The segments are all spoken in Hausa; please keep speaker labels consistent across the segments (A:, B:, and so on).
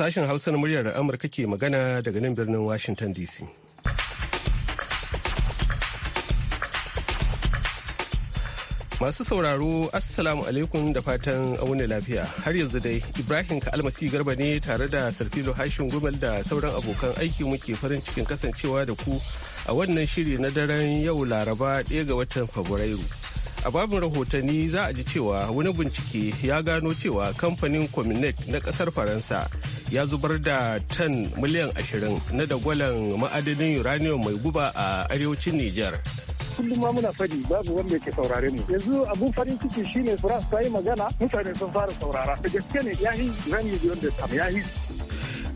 A: Sashen Hausa muryar Amurka ke magana daga nan birnin Washington DC. Masu sauraro Assalamu alaikum da fatan auna lafiya. Har yanzu dai Ibrahim Almasi Garba ne tare da Sarfilo Hashin Gumel da sauran abokan aiki muke farin cikin kasancewa da ku a wannan shiri na daren yau Laraba ɗaya ga watan Fabrairu. A babin rahotanni za a ji cewa wani bincike ya gano cewa kamfanin Cominet na kasar Faransa ya zubar da tan miliyan ashirin na dagwalon ma'adanin uranium mai guba a arewacin Nijar.
B: kullum ma muna fadi babu wanda yake saurare mu yanzu abun farin ciki shine France ta yi magana
C: mutane sun fara saurara da gaske ne ya yi zan miliyon da tam ya yi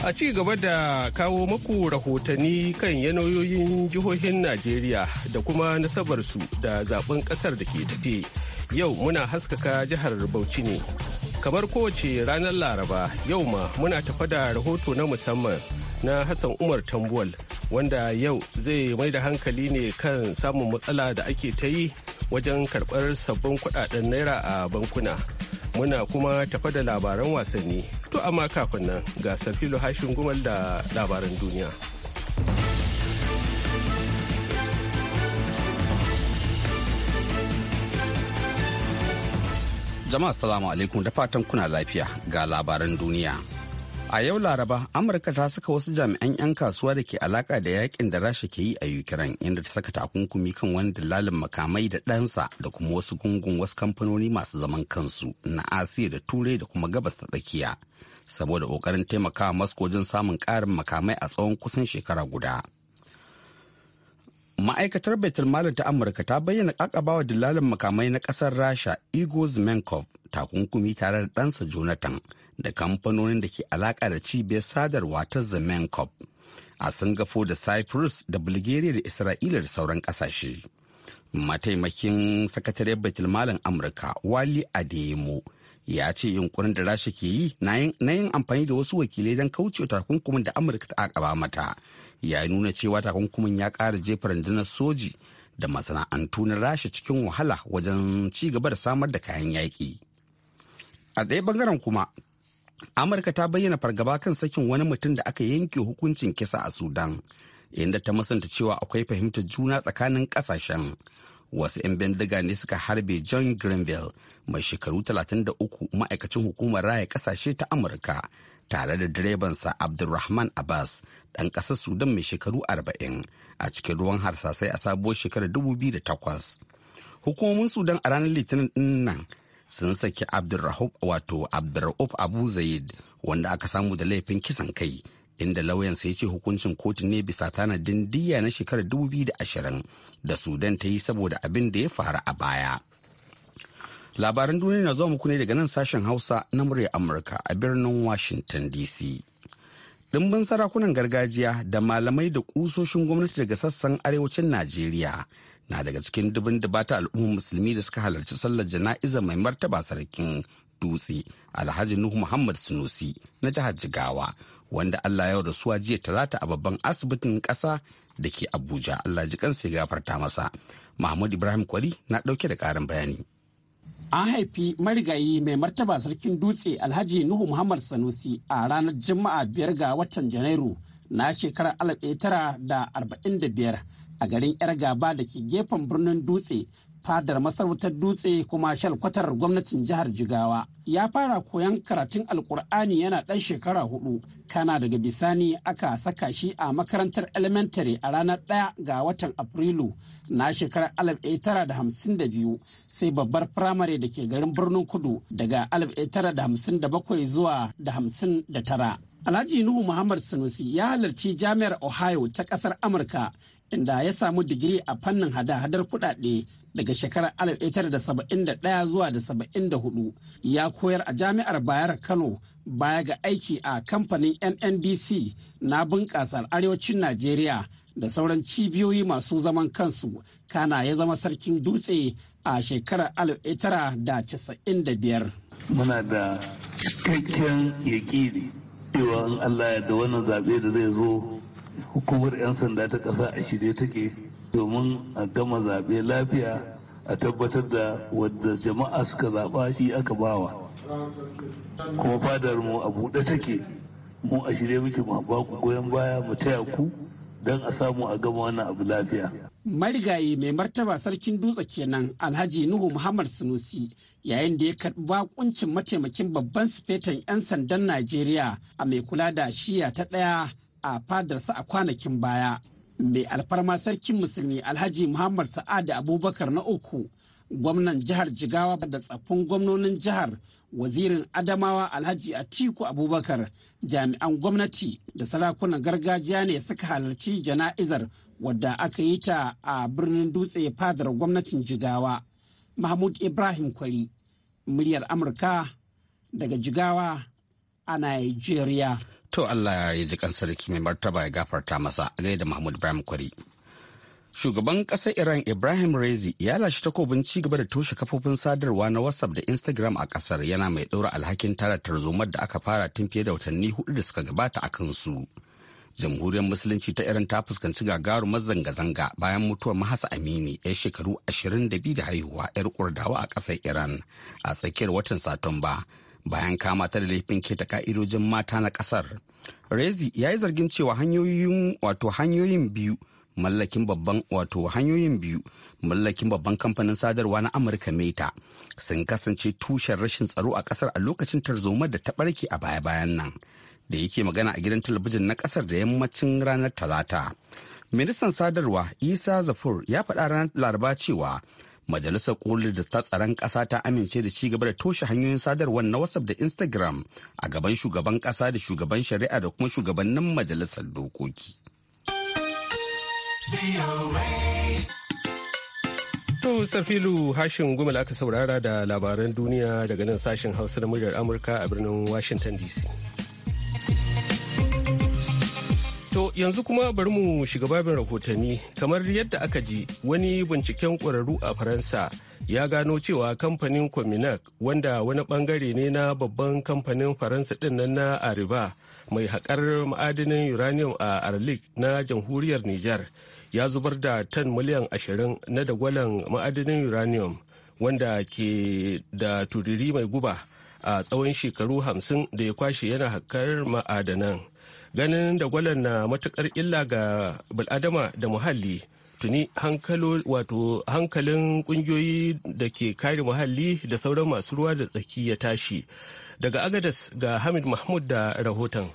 A: a ci gaba da kawo muku rahotanni kan yanayoyin jihohin Najeriya da kuma nasabar su da zaben kasar da ke tafe yau muna haskaka jihar Bauchi ne. kamar kowace ranar laraba yau ma muna tafa da rahoto na musamman na hassan umar tambuwal wanda yau zai mai da hankali ne kan samun matsala da ake ta yi wajen karɓar sabbin kuɗaɗen naira a bankuna muna kuma tafa da labaran wasanni to amma kafin nan ga sarfilo hashin gumal da labaran duniya.
D: Jama'a assalamu alaikum da fatan kuna lafiya ga labaran duniya. A yau Laraba, Amurka ta saka wasu jami'an 'yan kasuwa da ke alaka da yakin da Rasha ke yi a Ukraine inda ta saka takunkumi kan wani dalalin makamai da ɗansa da kuma wasu gungun wasu kamfanoni masu zaman kansu na Asiya da Turai da kuma Gabas ta tsakiya. Saboda ƙoƙarin taimakawa masu wajen samun ƙarin makamai a tsawon kusan shekara guda. ma'aikatar baitulmalin ta amurka ta bayyana kakabawa dillalin makamai na ƙasar rasha igor zmenkov takunkumi tare da ɗansa jonathan da kamfanonin da ke alaƙa da cibiyar sadarwa ta zmenkov a singapore da cyprus da bulgaria da isra'ila da sauran ƙasashe mataimakin Sakatare baitulmalin amurka wali adeyemo ya ce yunkurin da rasha ke yi na yin amfani da wasu wakilai don kaucewa takunkumin da amurka ta akaba mata ya nuna cewa takunkumin ya ƙara jefa rundunar soji da masana'antu na rasha cikin wahala wajen ci gaba da samar da kayan yaƙi. A ɗaya bangaren kuma, Amurka ta bayyana fargaba kan sakin wani mutum da aka yanke hukuncin kisa a Sudan, inda ta musanta cewa akwai fahimtar juna tsakanin ƙasashen. Wasu 'yan bindiga ne suka harbe John Greenville mai shekaru 33 ma'aikacin hukumar raya ƙasashe ta Amurka tare da direbansa Abdulrahman Abbas ɗan ƙasar Sudan mai shekaru 40 a cikin ruwan harsasai a sabuwar shekarar 2008. Hukumomin Sudan a ranar Litinin nan sun saki Abdulrahman wato Abdulrauf Abu Zaid wanda aka samu da laifin kisan kai inda lauyansa ya ce hukuncin kotu ne bisa tanadin diyya na shekarar 2020 da Sudan ta yi saboda abin da ya faru a baya. labaran duniya na zuwa muku ne daga nan sashen hausa na murya amurka a birnin washington dc dimbin sarakunan gargajiya da malamai da kusoshin gwamnati daga sassan arewacin najeriya na daga cikin dubin bata al'ummar musulmi da suka halarci sallar jana'iza mai martaba sarkin dutse alhaji nuhu muhammad sunusi na jihar jigawa wanda allah ya rasuwa jiya talata a babban asibitin ƙasa da ke abuja allah ji kansa ya gafarta masa mahmud ibrahim kwari na dauke da ƙarin bayani
E: An haifi marigayi mai martaba sarkin dutse Alhaji Nuhu Muhammad Sanusi a ranar Juma'a biyar ga watan Janairu na shekarar alif tara da arba'in da biyar a garin 'yar gaba da ke gefen birnin dutse fadar masarautar dutse kuma shalkwatar gwamnatin jihar jigawa ya fara koyon karatun alkur'ani yana ɗan shekara hudu kana daga bisani aka saka shi a makarantar elementary a ranar ɗaya ga watan afrilu na shekarar alif tara da da hamsin biyu, sai babbar firamare da ke garin birnin kudu daga alif tara da da hamsin bakwai zuwa da hamsin da tara. Alhaji Nuhu Muhammad Sanusi ya halarci Jami'ar Ohio ta ƙasar Amurka inda ya samu digiri a fannin hada-hadar kudade daga shekarar 1971 zuwa da 74 ya koyar a jami'ar bayar kano baya ga aiki a kamfanin nndc na bunƙasar arewacin najeriya da sauran cibiyoyi masu zaman kansu kana ya zama sarkin dutse a shekarar 1995
F: muna da cikakken yaƙini cewa in allah ya da wannan zaɓe da zai zo hukumar 'yan sanda ta ƙasa a shirye take domin a gama zaɓe lafiya a tabbatar da wadda jama'a suka zaɓa shi aka bawa kuma fadar mu a buɗe take mu a shirye muke mu ba ku goyon baya mu taya ku don a samu a gama wannan abu lafiya.
E: Marigayi mai martaba sarkin dutse kenan Alhaji Nuhu Muhammad Sunusi yayin da ya karɓi bakuncin mataimakin babban sifetan 'yan sandan Najeriya a mai kula da shiya ta ɗaya a fadarsa a kwanakin baya mai alfarma sarkin musulmi alhaji muhammad sa'ad abubakar na uku gwamnan jihar jigawa da tsaffin gwamnonin jihar wazirin adamawa alhaji atiku abubakar jami'an gwamnati da sarakunan gargajiya ne suka halarci jana'izar wadda aka yi ta a birnin dutse fadar gwamnatin jigawa mahmud ibrahim kwari muryar amurka daga jigawa a Nigeria.
D: To Allah ya ji kan sarki mai martaba ya gafarta masa a gaida Mahmud Ibrahim Kwari. Shugaban ƙasar Iran Ibrahim Rezi ya lashe takobin ci gaba da toshe kafofin sadarwa na WhatsApp da Instagram a ƙasar yana mai ɗora alhakin tara tarzomar da aka fara tun fiye da watanni hudu da suka gabata a kansu. Jamhuriyar Musulunci ta Iran ta fuskanci gagarumar zanga-zanga bayan mutuwar Mahasa Amini ya shekaru 22 da haihuwa 'yar kurdawa a ƙasar Iran a tsakiyar watan Satumba bayan kama ta da laifin keta ka'idojin mata na kasar rezi ya yi zargin cewa hanyoyin wato hanyoyin biyu mallakin babban wato hanyoyin biyu mallakin babban kamfanin sadarwa na amurka meta sun kasance tushen rashin tsaro a kasar a lokacin tarzoma da ta barke a baya-bayan nan da yake magana a gidan talabijin na kasar da yammacin ranar talata ministan sadarwa isa zafur ya faɗa ranar laraba cewa majalisar koli da ta tsaron ƙasa ta amince da ci gaba da toshe hanyoyin sadarwar na whatsapp da instagram a gaban shugaban ƙasa da shugaban shari'a da kuma shugabannin majalisar
A: dokoki To Safilu hashin gumel aka saurara da labaran duniya daga nan sashen hausa da muryar Amurka a birnin Washington DC. To yanzu kuma bari mu shiga babin rahotanni kamar yadda aka ji wani binciken ƙwararru a Faransa ya gano cewa kamfanin Cominac wanda wani bangare ne na babban kamfanin Faransa ɗin nan na Ariba mai haƙar ma'adinin uranium a Arlik na jamhuriyar Nijar ya zubar da tan miliyan ashirin na dagwalon ma'adinin uranium wanda ke da tudiri mai guba a tsawon shekaru hamsin da ya kwashe yana haƙar ma'adanan. ganin da gwalan na matukar illa ga bil'adama da muhalli tuni hankalin kungiyoyi da ke kare muhalli da sauran masu ruwa da tsaki ya tashi daga agadas ga hamid mahmud da rahoton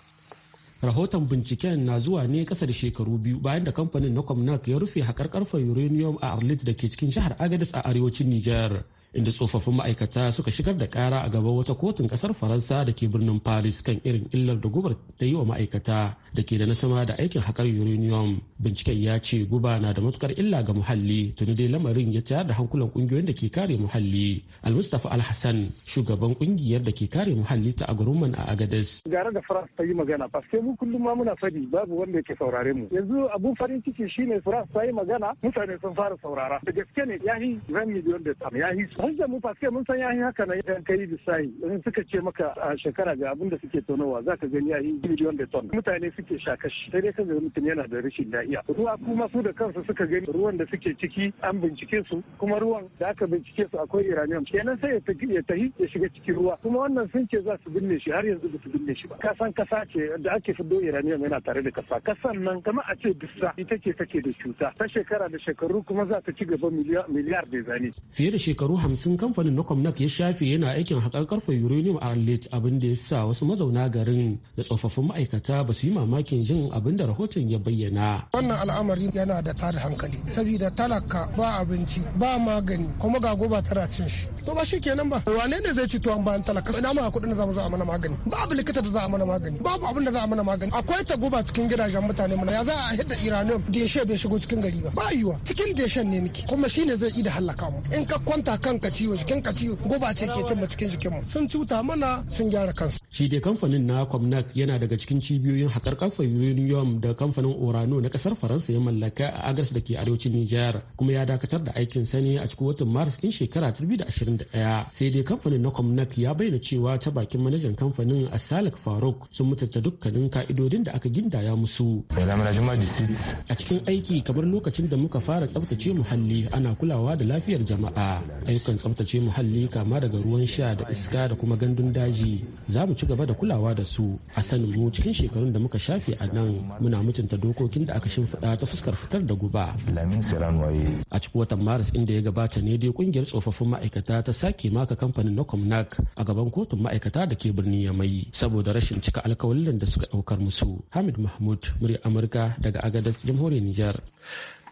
G: rahoton binciken na zuwa ne kasa da shekaru biyu bayan da kamfanin na ya rufe haƙar uranium a arlit da ke cikin jihar agadas a arewacin niger inda tsofaffin ma'aikata suka shigar da kara a gaban wata kotun kasar faransa da ke birnin paris kan irin illar da gubar ta yi wa ma'aikata da ke da na sama da aikin hakar uranium binciken ya ce guba na da matukar illa ga muhalli tuni dai lamarin ya tayar da hankulan kungiyoyin da ke kare muhalli almustafa alhassan shugaban kungiyar da ke kare muhalli ta agurumman a agades
B: gara da faransa ta yi magana paske mu kullum ma muna fadi babu wanda yake saurare mu yanzu abun farin ciki shine faransa ta yi magana mutane sun fara saurara da
H: gaske ne ya yi
B: zan miliyon da ya yi Hujjar mu fa mun san yayin haka na yan kai bisai in suka ce maka a shekara ga abin da suke tonowa za ka gani yayin miliyon da ton. Mutane suke shakashi sai dai kaga mutum yana da rashin lafiya. Ruwa kuma su da kansu suka gani ruwan da suke ciki an bincike su kuma ruwan da aka bincike su akwai iranium kenan sai ya tafi ya tahi ya shiga cikin ruwa kuma wannan sun ce za su binne shi har yanzu ba su binne shi ba. Kasan kasa ce da ake fiddo iranium yana tare da kasa. Kasan nan kamar a ce bisa. ita ce take da cuta ta shekara da shekaru kuma za ta ci gaba miliyar da zane.
G: Fiye da shekaru hamsin kamfanin na ya shafe yana aikin haƙar karfe uranium a late abin da ya sa wasu mazauna garin da tsofaffin ma'aikata ba su yi mamakin jin abin da rahoton ya bayyana.
C: Wannan al'amari yana da tada hankali saboda talaka ba abinci ba magani kuma ga goba tana cin shi. To ba shi kenan ba. Wane ne zai ci tuwon bayan talaka? Ina ma kuɗin da za mu zo a mana magani. Babu likita da za a mana magani. Babu abin da za a mana magani. Akwai ta guba cikin gidajen mutane mana ya za a hidda uranium da ya bai shigo cikin gari ba. Ba yiwa cikin deshen ne muke kuma shine zai yi da halaka mu. In ka kwanta kan kan ka ciwo jikin ka ciwo guba ce ke cikin jikin mu sun cuta mana sun gyara kansu
G: shi dai kamfanin na Comnac yana daga cikin cibiyoyin haƙar kafa uranium da kamfanin Orano na kasar Faransa ya mallaka a Agas da ke arewacin Nijar kuma ya dakatar da aikin sani a cikin watan Maris din shekara 2021 sai dai kamfanin na Comnac ya bayyana cewa ta bakin manajan kamfanin Asalak Faruk sun mutunta dukkanin ka'idodin da aka gindaya musu
C: a
G: cikin aiki kamar lokacin da muka fara tsaftace muhalli ana kulawa da lafiyar jama'a ayyukan tsabtace muhalli kama daga ruwan sha da iska da kuma gandun daji za mu ci gaba da kulawa da su a sanin mu cikin shekarun da muka shafe a nan muna mutunta dokokin da aka shimfiɗa ta fuskar fitar da guba
C: a cikin watan
G: maris inda ya gabata ne dai kungiyar tsofaffin ma'aikata ta sake maka kamfanin na comnac a gaban kotun ma'aikata da ke birnin yamai saboda rashin cika alkawalin da suka ɗaukar musu hamid mahmud murya amurka daga agadas jamhuriyar nijar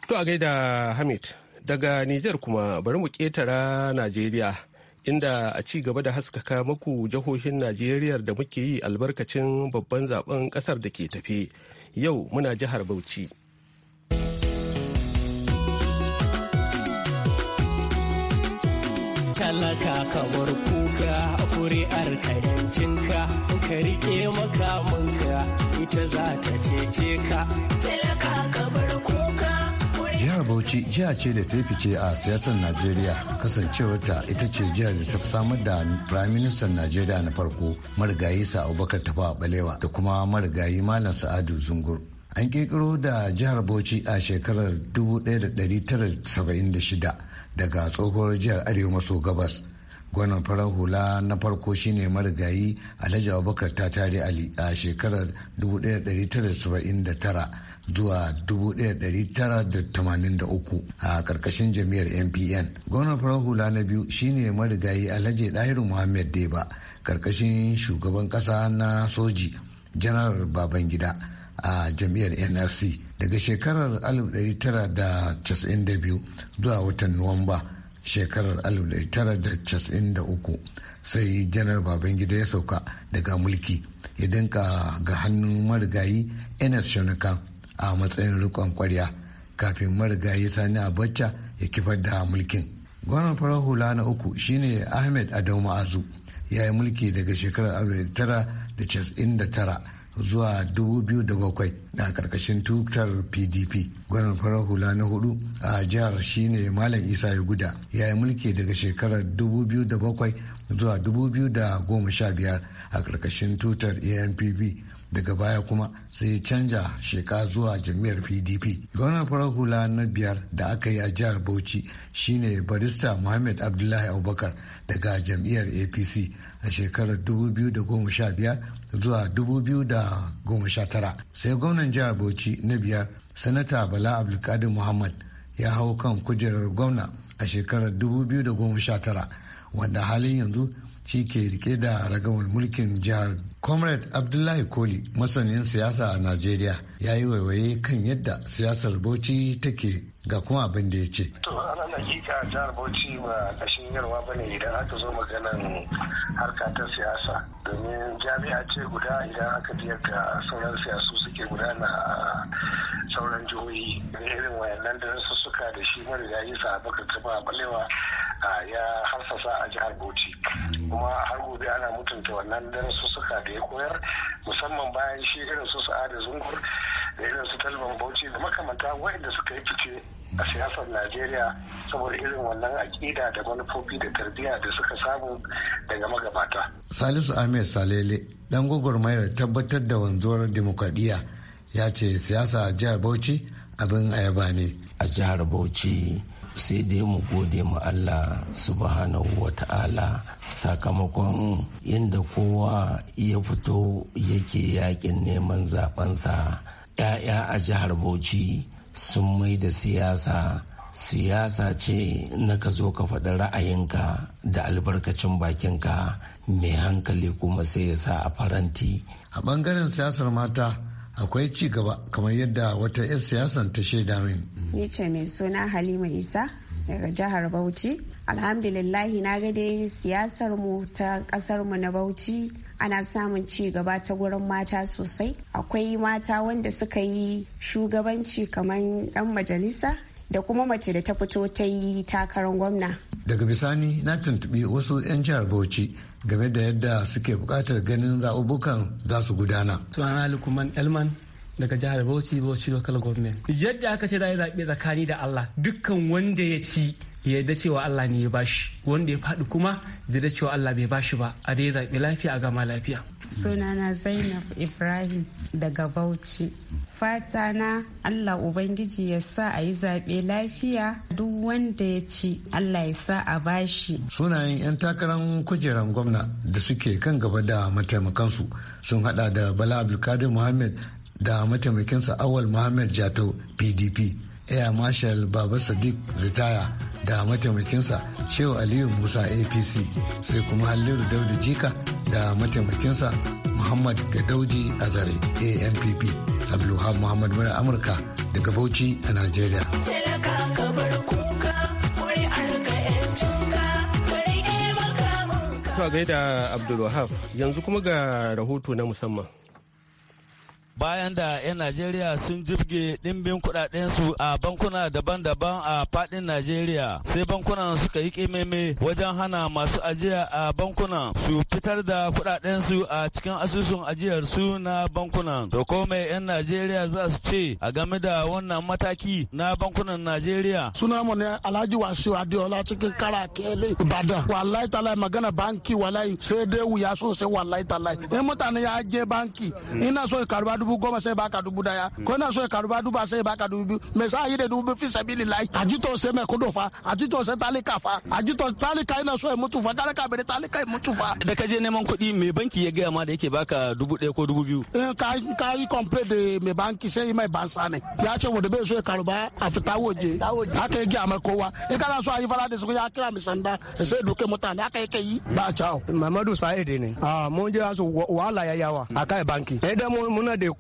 A: to a gaida hamid Daga Nijar kuma bari mu ƙetara Najeriya inda a ci gaba da haskaka maku jihohin Najeriya da muke yi albarkacin babban zaben ƙasar da ke tafe. Yau muna jihar Bauchi.
I: Talaka kamar kuka kuri'ar kayancinka ka rike makamanka ita za ta cece ka. Talaka kamar
B: jihar bauchi jiha ce da ta fice a siyasar najeriya kasancewarta ita ce jihar da ta samar da prime minister najeriya na farko marigayi sa abubakar tafa balewa da kuma marigayi malam sa'adu zungur an kirkiro da jihar bauchi a shekarar 1976 daga tsohuwar jihar arewa maso gabas gwanon farar hula na farko shine marigayi alhaji abubakar tatari ali a shekarar 1979 zuwa 1983 a ƙarƙashin jami'ar mpn gwamnan farar hula na biyu shine marigayi alhaji dahiru muhammad deba ƙarƙashin shugaban ƙasa na soji janar babangida a jami'ar nrc daga shekarar 1992 zuwa watan nuwamba shekarar 1993 sai janar babangida ya sauka daga mulki ya dinka ga hannun marigayi ns shonuka a matsayin rikon kwarya kafin marigayi sani a abacha ya kifar da mulkin gwamnan farar hula na uku shine ahmed adamu ma'azu ya yi mulki daga shekarar tara da zuwa 2007 a karkashin tutar pdp Gwamnan farar hula na hudu a jihar shine malam isa ya guda ya yi mulki daga shekarar 2007 zuwa 2015 a karkashin tutar anpp daga baya kuma sai ya canja sheka zuwa jami'ar pdp gwamnan farar hula na biyar da aka yi a jihar bauchi shine barista muhammad abdullahi abubakar daga jam'iyyar apc a shekarar 2015 zuwa 2019 sai gwamnan jihar bauchi na biyar sanata bala abdulkadir muhammad ya hau kan kujerar gwamna a shekarar 2019 wanda halin yanzu shi ke rike da ragamar mulkin jihar comrade abdullahi koli masanin siyasa a najeriya ya yi waiwaye kan yadda siyasar bauchi take ga kuma abin da ya ce. To ana hakika jihar Bauchi ba kashin yarwa ne idan aka zo maganan harka ta siyasa domin jami'a ce guda idan aka biyar da sauran siyasu suke gudana a sauran jihohi da irin wayannan da su suka da shi marigayi sa baka kaba balewa ya harsasa a jihar Bauchi. kuma har gobe ana mutunta wannan suka da ya koyar musamman bayan shi irin su sa'ada zungur da irin su talban bauchi da makamanta waɗanda suka yi fice a siyasar najeriya saboda irin wannan aƙida da manufofi da tarbiyya da suka samu daga magabata salisu ahmed salele dan gwagwarmayar tabbatar da wanzuwar dimokuraɗiyya ya ce siyasa a jihar bauchi abin ayaba ne a jihar bauchi sai dai mu gode ma Allah subhanahu wa ta'ala sakamakon inda
D: kowa ya fito yake yakin neman zabensa ‘ya'ya a jihar Bauchi sun mai da siyasa siyasa ce
B: na ka zo ka faɗi ra'ayinka da albarkacin bakinka mai hankali kuma sai ya sa a faranti a ɓangaren siyasar mata akwai ci gaba kamar yadda wata 'yar siyasar ta shaida min
E: ni ce mai suna halima isa daga jihar bauchi alhamdulillahi na ga dai siyasar mu ta kasar mu na bauchi ana samun ci gaba ta gurin mata sosai akwai mata wanda suka yi shugabanci kamar yan majalisa da kuma mace da ta fito ta yi takarar gwamna
B: daga bisani na tuntubi wasu 'yan jihar bauchi game da yadda suke bukatar ganin zaɓuɓɓukan za su gudana. suna Lukman Elman daga jihar
G: Bauchi Bauchi local government yadda aka ce za a zaɓe tsakani da Allah dukkan wanda ya ci ya cewa Allah ne ya bashi wanda ya faɗi kuma da cewa Allah bai bashi ba a dai zaɓi lafiya a gama lafiya.
E: Sunana Zainab Ibrahim daga Bauchi. Fata na Allah Ubangiji ya sa a yi zaɓe lafiya duk wanda ya
D: ci Allah ya sa
B: a bashi. Sunayen 'yan takarar kujeran gwamna da suke kan gaba da mataimakansu sun hada da Bala Abdulkadir Muhammad da mataimakinsa awal mohammed jato pdp air marshal baba sadiq ritaya da mataimakinsa shehu aliyu musa apc sai kuma halliru daudu jika da mataimakinsa muhammad gadauji azare ampp abdulhab muhammad mura amurka daga bauchi a nigeria To gaida Abdulwahab
A: yanzu kuma ga rahoto na musamman.
F: bayan da 'yan Najeriya sun dimbin ɗimbin kuɗaɗensu a bankuna daban-daban a faɗin Najeriya sai bankunan suka yi ƙememe wajen hana masu ajiya a bankunan su fitar da kuɗaɗensu a cikin asusun ajiyarsu na bankunan. To ko mai 'yan Najeriya za su ce a game da wannan mataki na bankunan Najeriya. Suna mu ne Alhaji Wasu Adeola cikin kara kele Ibadan. Wallahi talai magana banki wallahi sai dai wuya sosai wallahi talai. In mutane ya je banki mm. ina so karba dubu goma sai baka dubu daya hmm. ko na so ya karuba duba sai baka dubu me sa yi da dubu fi sabili lai a ji to sai fa a ji to sai fa a ji to ina so ya mutu fa ka bari talika ya mutu fa da ka je neman banki ya gaya ma da yake baka dubu ko dubu biyu ka eh, ka yi complain da banki sai mai ne ya ce wanda bai so ya karuba a fita waje haka ya gaya mai kowa in kana so a yi fara da ya kira mai sanda sai doke mutane haka yake yi
C: ba a cawo mamadu sa'id ne a ah. mun je su wahala ya yawa a kai banki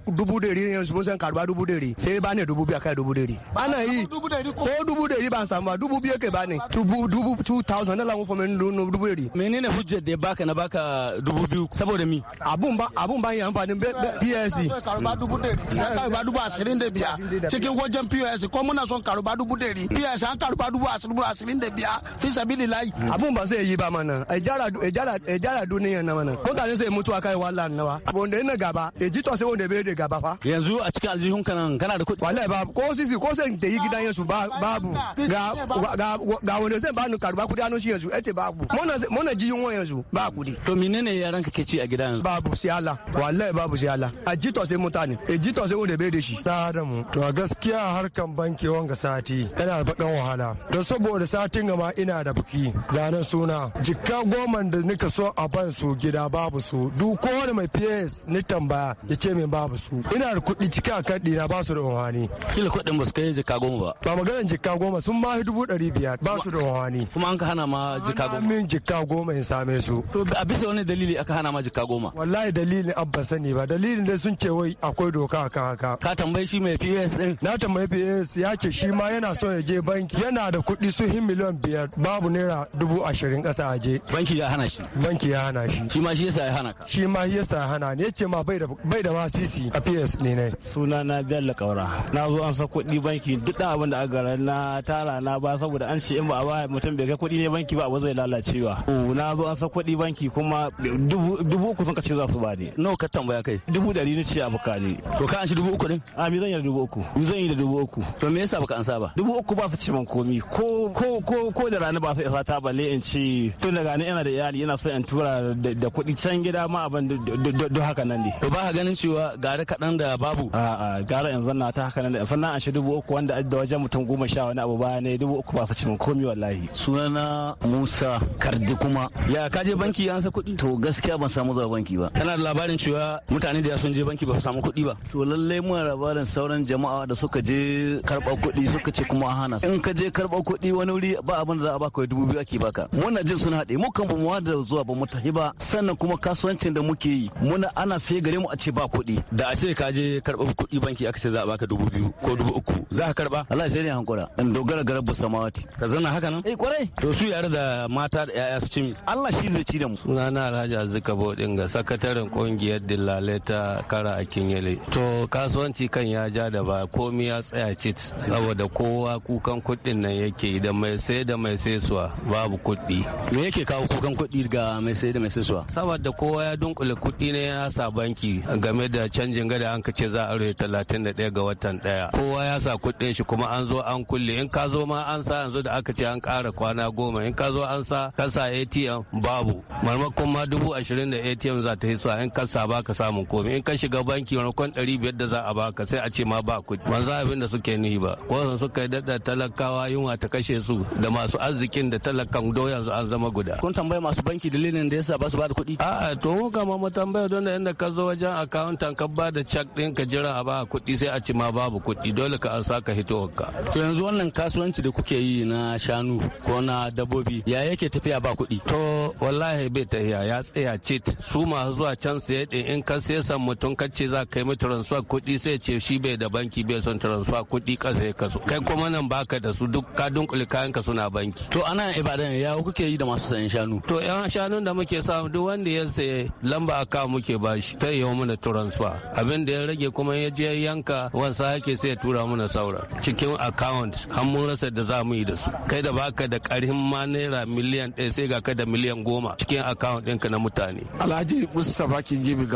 C: dubu dari ne yanzu san karba dubu dari sai ba ne dubu biyu akai dubu dari ana yi ko dubu dari ban samu ba dubu biyu kai ba ne dubu dubu two thousand dala kuma dubu dari.
F: menene hujjar da ya baka na baka dubu biyu saboda mi. abun ba abun ba yi amfani psc. karba dubu dari sai dubu ashirin de biya cikin wajen psc ko muna son karba dubu dari psc an karba dubu ashirin da de biya. sabili
C: abun ba sai yi ba mana ejara duniya na mana mutane sai mutuwa kai wala nawa. wanda yana gaba sai wanda da gaba fa yanzu a cikin aljihun nan kana da kuɗi wallahi ba ko sisi ko sai da yi gidan yansu babu ga ga ga wanda zai ba ni karba kuɗi anon shi yanzu ete babu Mona mona ji yunwa yanzu ba kuɗi to menene yaran ka ke ci a gidan yanzu babu sai Allah wallahi babu sai Allah a jito sai mutane e jito sai wanda bai da shi ta adamu to gaskiya harkan banki wanga sati yana da bakan wahala don saboda satin gama ina da buki zanen suna jikka goma da nika so a ban su gida babu su duk kowane mai PS ni tambaya ya ce min ba babu su ina da kuɗi cikin akan ɗina
F: ba su da wani kila kuɗin ba su kai jika goma ba
C: ba maganar jika goma sun ma dubu ɗari biyar ba su da wani kuma an ka hana ma jika goma min jika goma in same su to
F: a bisa wani dalili aka hana ma jika goma
C: wallahi dalilin abba sani ba dalilin da sun ce wai akwai doka akan haka ka tambayi shi mai POS din na tambayi POS ya ce shi ma yana so ya je banki yana da kuɗi su hin miliyan biyar babu naira dubu ashirin ƙasa je banki ya hana shi banki ya hana shi shi ma shi yasa ya hana ka shi ma yasa ya hana ne ya ce ma bai da ma sisi AC a PS ne ne. Suna na Bello
F: Kaura. Na zo an sako kuɗi banki duk da abin da aka gara na tara na ba saboda an ce in ba a ba mutum bai kai kuɗi ne banki ba abu zai lalacewa. Na zo an sako kuɗi banki kuma dubu uku sun kace za su ba ni. Nawa ka tambaya kai? Dubu ɗari ne ce abu ne. To ka an shi dubu uku ne? A mi zan yi da dubu uku. Mi zan yi da dubu uku. To me yasa baka an sa ba? Dubu uku ba su ci man komi ko ko ko ko da rana ba su isa ta balle in ce tun daga ni yana da iyali yana so in tura da kuɗi can gida ma abin da haka nan ne. To ba ka ganin cewa gare kaɗan da babu a'a gara yanzu na ta haka nan da sannan an shi dubu uku wanda da wajen mutum goma sha wani abu baya ne dubu uku ba su cin komi wallahi sunana musa kardi kuma ya ka je banki an sa kuɗi to gaskiya ban samu zuwa banki ba kana da labarin cewa mutane da sun je banki ba su samu kuɗi ba to lallai muna labarin sauran jama'a da suka je karɓar kuɗi suka ce kuma hana in ka je karɓar kuɗi wani wuri ba abin da za a baka dubu biyu ake baka muna jin suna haɗe mu kan mu da zuwa ba mu tafi ba sannan kuma kasuwancin da muke yi muna ana sai gare mu a ce ba kuɗi da a ce ka je karɓar kuɗi banki aka ce za a baka dubu biyu ko dubu uku za ka karɓa Allah sai ne hankura in dogara garar bu samawati ka zanna haka nan eh kwarai to su yare da mata da yaya su ci Allah shi zai ci da mu na Alhaji Azuka Bodin ga sakataren kungiyar Dillale ta kara a Kinyele to kasuwanci kan ya ja da ba komai ya tsaya cit saboda kowa kukan kuɗin nan yake da mai sai da mai sai suwa babu kuɗi me yake kawo kukan kuɗi ga mai sai da mai sai suwa saboda kowa ya dunkule kuɗi ne ya sa banki game da can nan jinga da an kace za a rufe talatin da ɗaya ga watan ɗaya kowa ya sa kuɗin shi kuma an zo an kulle in ka zo ma an sa yanzu da aka ce an ƙara kwana goma in ka zo an sa ka sa atm babu marmakon ma dubu ashirin da atm za ta yi sa in ka sa ba ka samun komai in ka shiga banki marmakon ɗari biyar da za a baka sai a ce ma ba kuɗi ban za abin da suke nihi ba ko suka yi daɗa talakawa yunwa ta kashe su da masu arzikin da talakan do yanzu an zama guda kun tambaya masu banki dalilin da sa ba su ba da kuɗi a'a to mu ma mu tambaya don da inda ka zo wajen akawuntan ka ba da cak ɗin ka jira a ba kuɗi sai a ci ma babu kuɗi dole ka an sa ka To yanzu wannan kasuwanci da kuke yi na shanu ko na dabbobi ya yake tafiya ba kuɗi? To wallahi bai tafiya ya tsaya cit su masu zuwa can saye ɗin in ka sai san mutum ka ce za ka yi mai transfer kuɗi sai ce shi bai da banki bai son transfer kuɗi ka sai ka su. Kai kuma nan baka da su duk ka dunkule kayan ka suna banki. To ana ibadan ya kuke yi da masu sayan shanu? To yan shanun da muke samu duk wanda ya saye lamba aka muke bashi sai yau mana transfer abin da ya rage kuma ya je yanka wansa yake sai ya tura mana saura cikin account an mun rasa da za mu yi da su kai da baka da karhin ma naira miliyan ɗaya sai ga ka da miliyan goma cikin account ɗinka na mutane alhaji mustapha kingibi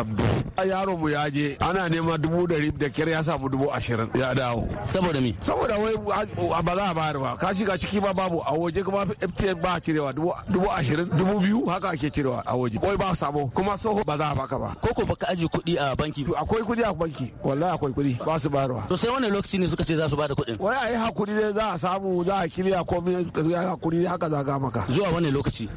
F: a yaro mu ya je ana nema dubu ɗari da kyar ya samu dubu ashirin ya dawo saboda mi saboda wai ba za a bayar ba ka shiga ciki ma babu a waje kuma fpn ba cirewa dubu ashirin dubu biyu haka ake cirewa a waje wai ba samu kuma soho ba za a baka ba koko baka aje kuɗi a banki akwai kudi a banki wallahi akwai kudi ba su bayarwa to sai wani lokaci ne suka ce za su bada kudin wai ai hakuri ne za a samu za a kiriya komai hakuri haka za ga maka zuwa wani lokaci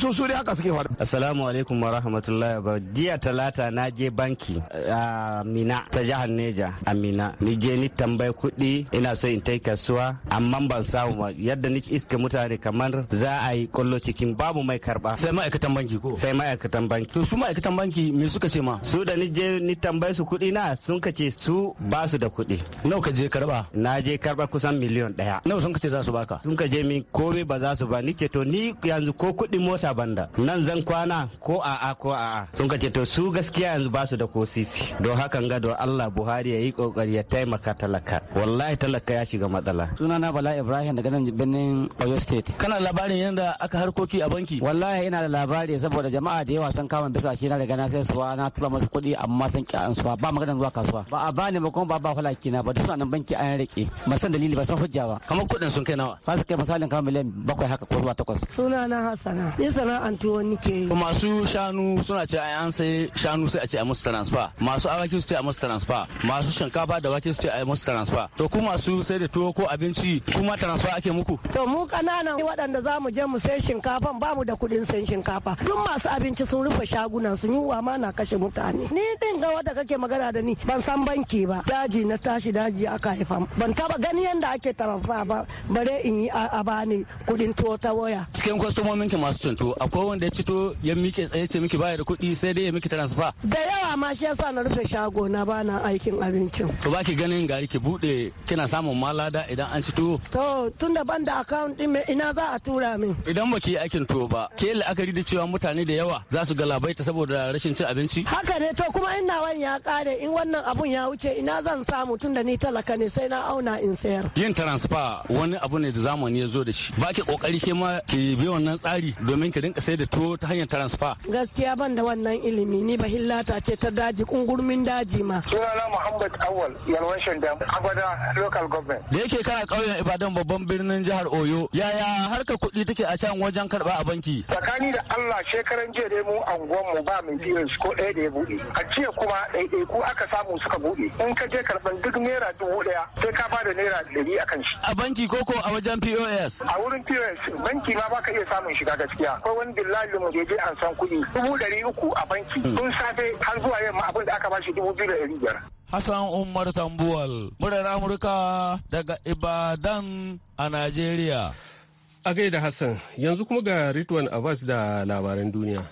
F: su su haka suke faɗa assalamu alaikum wa rahmatullahi wa barakatuh jiya talata na je banki a mina ta jihar neja a mina ni je ni tambayi kudi. ina so in tai kasuwa amma ban samu ba yadda ni iska mutane kamar za a yi kollo cikin babu mai karba sai ma'aikatan banki ko sai ma'aikatan banki to su ma'aikatan banki me suka ce ma su da ni je ni tambayi bai su kuɗi na sun kace su ba su da kuɗi. Nau ka je karba? Na je karba kusan miliyon ɗaya. Nau sun kace za su baka? Sun je min komai ba za su ba ni ce to ni yanzu ko kuɗi mota banda nan zan kwana
H: ko a'a ko a'a sun
F: kace to su gaskiya yanzu ba su da ko sisi. Don hakan nga don Allah Buhari ya yi kokari ya taimaka talaka. Wallahi talaka ya shiga matsala. Sunana Bala Ibrahim daga nan birnin Oyo State. Kana labarin yadda aka harkoki a banki? Wallahi ina da labari saboda jama'a da yawa sun kama bisa shi na daga na sai suwa na tura masu kuɗi amma sun kyara. kasuwa ba magana zuwa kasuwa ba a bani ba kuma ba ba falaki na ba duk suna banki an rike ba san dalili ba san hujja ba kamar kudin sun kai nawa ba su kai misalin kamar miliyan bakwai haka ko zuwa takwas
I: suna na hasana ni an tuwo nike
F: masu shanu suna ce an sai shanu sai a ce a musu transfer masu awaki su ce a musu transfer masu shinkafa da wake su ce a musu transfer to ku masu sai da tuwo ko abinci kuma transfer ake muku
I: to mu kananan waɗanda za mu je mu sai shinkafan ba mu da kuɗin sayan shinkafa duk masu abinci sun rufe shagunan sun yi wa ma na kashe mutane ni din ga wata kake magana da ni ban san banki ba daji na tashi daji aka haifa ban taba gani yanda ake tarafa ba bare in yi a bani kudin tuwo ta waya
F: cikin kwastomomin ki masu tuntu akwai wanda ya cito ya mike tsaye ce miki baya da kuɗi sai dai ya miki transfer
I: da yawa ma shi yasa na rufe shago na bana aikin abincin
F: to baki ganin gari ki bude kina samun malada idan an cito
I: to tunda ban da account din me ina za a tura min
F: idan baki yi aikin tuwo ba ke la'akari da cewa mutane da yawa za su galabaita saboda rashin cin abinci haka
I: ne to kuma ina wani ya kare in wannan abun ya wuce ina zan samu tun da ni talaka ne sai na auna in sayar.
F: Yin transfer wani abu ne da zamani ya zo da shi. Ba ke kokari ke ma ki bi wannan tsari domin ki rinka sai da tuwo ta hanyar transfer.
I: Gaskiya ban da wannan ilimi ni ba hillata ce ta daji kungurmin daji ma. Sunana Muhammad
H: Awal Yalwan Shandam
C: Abada Local Government.
I: Da yake kana ƙauyen Ibadan babban birnin jihar Oyo yaya harka
F: kuɗi take a can wajen karɓa a banki.
C: Tsakani da Allah shekaran jiya dai mu anguwan mu ba mai biyan ko ɗaya da ya buɗe. A jiya kuma ɗaiɗaiku aka samu suka buɗe in ka je karɓan duk naira dubu ɗaya sai ka bada naira ɗari a kan shi.
F: A banki ko ko a wajen POS? A
C: wurin POS
H: banki ma baka iya samun shiga gaskiya. Akwai wani dillali mu je an san kuɗi dubu ɗari uku a banki hmm. tun safe har zuwa yamma abin da aka bashi dubu biyu da ɗari biyar.
F: Hassan Umar Tambuwal, murar Amurka daga Ibadan a Najeriya. A gaida
A: Hassan, yanzu kuma ga Ritwan Abbas da labaran duniya.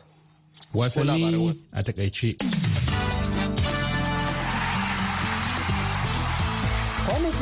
A: Wasanni
B: a takaice.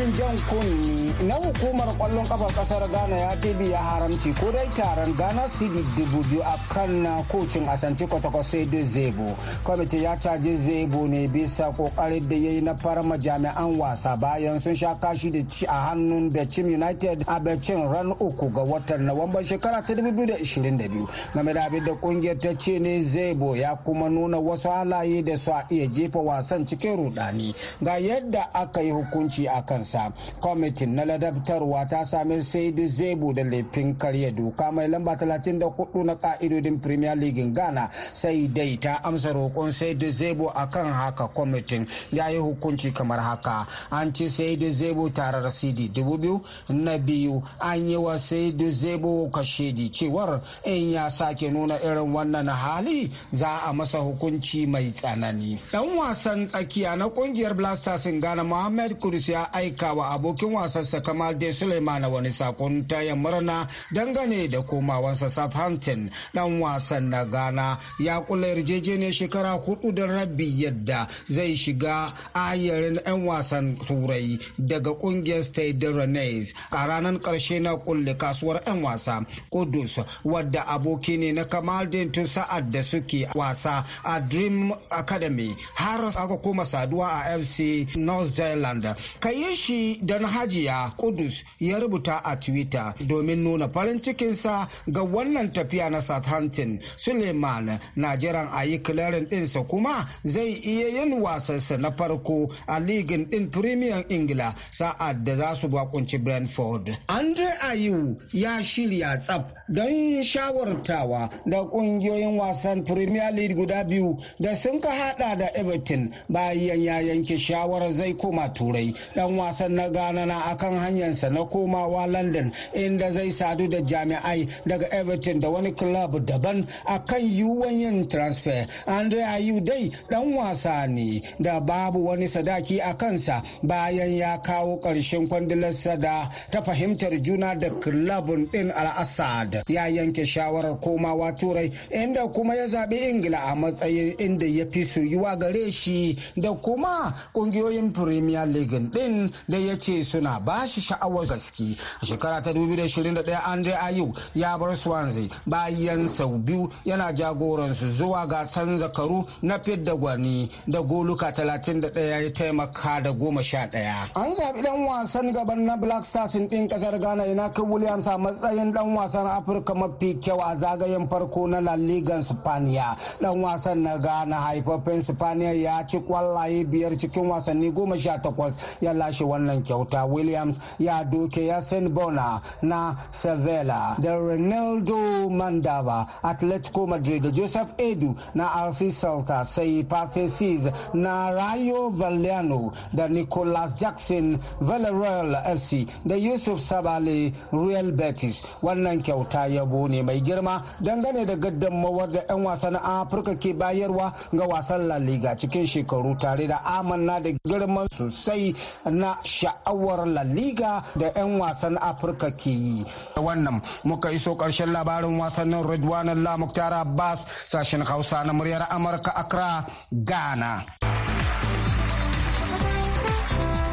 H: Kwamitin jan kunni na hukumar kwallon kafar kasar Ghana ya ɗibi ya haramci ko dai taron Ghana City dubu biyu a kan kocin Asanti sai da Zebo. Kwamitin ya caji Zebo ne bisa kokarin da ya yi na farma jami'an wasa bayan sun sha kashi da ci a hannun Bechim United a bacin ran uku ga watan Nuwamban shekara ta biyu Game da abin da kungiyar ta ce ne Zebo ya kuma nuna wasu halaye da su a iya jefa wasan cikin rudani ga yadda aka yi hukunci a kansa. kansa kwamitin na ladabtarwa ta sami saidu zebu da laifin karya doka mai lamba 34 na ka'idodin premier league ghana sai dai ta amsa roƙon saidu zebu a kan haka kwamitin ya yi hukunci kamar haka an ci saidu zebu tarar cd dubu biyu na biyu an yi wa saidu zebu kashedi cewar in ya sake nuna irin wannan hali za a masa hukunci mai tsanani dan wasan tsakiya na kungiyar blasters ghana mohammed kudus ya aika aikawa abokin wasansa kamar dai suleiman wani sakon tayan murna dangane da komawansa southampton dan wasan na ghana ya kula yarjejeniyar shekara hudu da rabi yadda zai shiga ayarin 'yan wasan turai daga kungiyar state renais a ranar karshe na kulle kasuwar 'yan wasa kudus wadda aboki ne na kamal tun sa'ad da suke wasa a dream academy har aka koma saduwa a fc north zealand kayi shi shi don hajiya Kudus ya rubuta a Twitter domin nuna farin cikinsa ga wannan tafiya na Southampton. Suleiman na jiran a yi clearing ɗinsa kuma zai iya yin wasansa na farko a ligin ɗin Premier Ingila sa'ad da za su bakunci Brentford. Andre Ayew ya shirya tsaf don shawartawa da kungiyoyin wasan Premier League guda biyu da sun ka hada da Everton bayan ya yanke shawarar zai koma turai dan wasa wasan na Ghana na akan hanyarsa na komawa London inda zai sadu da jami'ai daga Everton da wani club daban akan yiwuwan yin transfer. Andre Ayew dai dan wasa ne da babu wani sadaki a kansa bayan ya kawo ƙarshen kwandilarsa da ta fahimtar juna da club din Al-Assad. Ya yanke shawarar komawa Turai inda kuma ya zaɓi Ingila a matsayin inda ya fi soyuwa gare shi da kuma ƙungiyoyin Premier League din dai ya ce suna ba shi sha'awar gaske a shekara ta 2021 andre ayu ya bar swansea bayan sau biyu yana jagoransu zuwa gasan zakaru na fidda gwani da goluka 31 ya taimaka da 11 an zaɓi dan wasan gaban na black stars ɗin ƙasar ghana inaki williams a matsayin dan wasan afirka mafi kyau a zagayen farko na la liga spaniya dan wasan na ghana haifafen spaniya ya ci kwallaye biyar cikin wasanni goma sha takwas ya lashe wani wannan kyauta williams ya doke yasin bona na sevilla da ronaldo mandava atletico madrid da joseph edu na rc celta sai pathesis na rayo valiano da nicolas jackson villarreal fc da yusuf sabale real betis wannan kyauta yabo ne mai girma dangane da gaddamawar da 'yan wasa na afirka ke bayarwa ga wasan la liga cikin shekaru tare da amanna da girman sosai na sha'awar La Liga da 'yan wasan Afirka ke yi. da Wannan muka iso ƙarshen labarin wasannin Ridwanan Lamuktar bas sashen Hausa na muryar Amurka Accra, Ghana.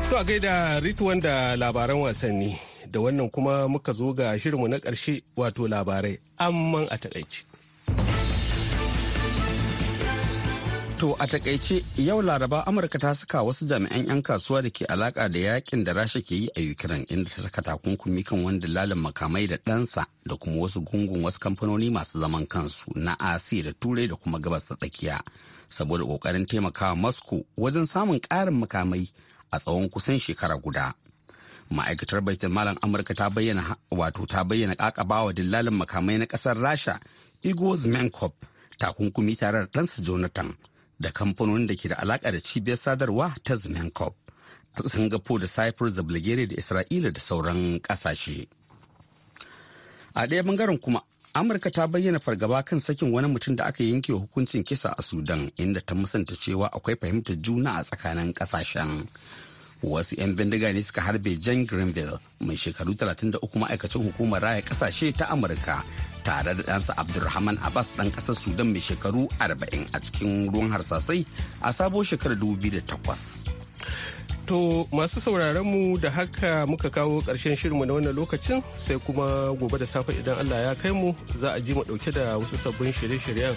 H: To a gaida
A: Ritwan da labaran wasanni da wannan kuma muka zo ga shirinmu na ƙarshe wato labarai amman a taƙaice.
D: To a takaice yau laraba Amurka ta saka wasu jami'an 'yan kasuwa da ke alaka da yakin da rasha ke yi a Ukraine inda ta saka takunkumi kan wanda lalin makamai da ɗansa da kuma wasu gungun wasu kamfanoni masu zaman kansu na Asiya da Turai da kuma gabas da tsakiya saboda ƙoƙarin taimakawa Moscow wajen samun karin makamai a tsawon kusan shekara guda. Ma'aikatar Baitul Malam Amurka ta bayyana wato ta bayyana ƙaƙabawa dillalin makamai na ƙasar Rasha Igor Zmenkov takunkumi tare da ɗansa Jonathan da kamfanonin da ke da alaƙa da cibiyar sadarwa ta a Singapore da Cyprus da Bulgaria da Isra'ila da sauran ƙasashe. A ɗaya bangaren kuma, Amurka ta bayyana fargaba kan sakin wani mutum da aka yanke hukuncin kisa a Sudan, inda ta musanta cewa akwai fahimtar juna a tsakanin ƙasashen. wasu 'yan bindiga ne suka harbe jan greenville mai shekaru 33 ma'aikacin hukumar raya kasashe ta amurka tare da ɗansa abdulrahman abbas ɗan ƙasar sudan mai shekaru 40 a cikin ruwan harsasai a sabo shekarar 2008
A: To masu sauraron mu da haka muka kawo ƙarshen shirinmu na wannan lokacin sai kuma gobe da safe idan Allah ya kai mu za a ji mu ɗauke da wasu sabbin shirye-shiryen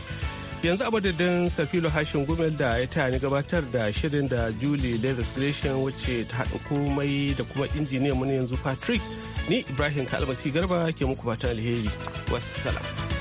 A: yanzu abadadin safilo hashin gumel da ya tani gabatar da shirin da julie leathers station wacce ta haɗa komai da kuma injiniyar mu yanzu patrick ni ibrahim kalmasi garba ke muku fatan alheri wassalam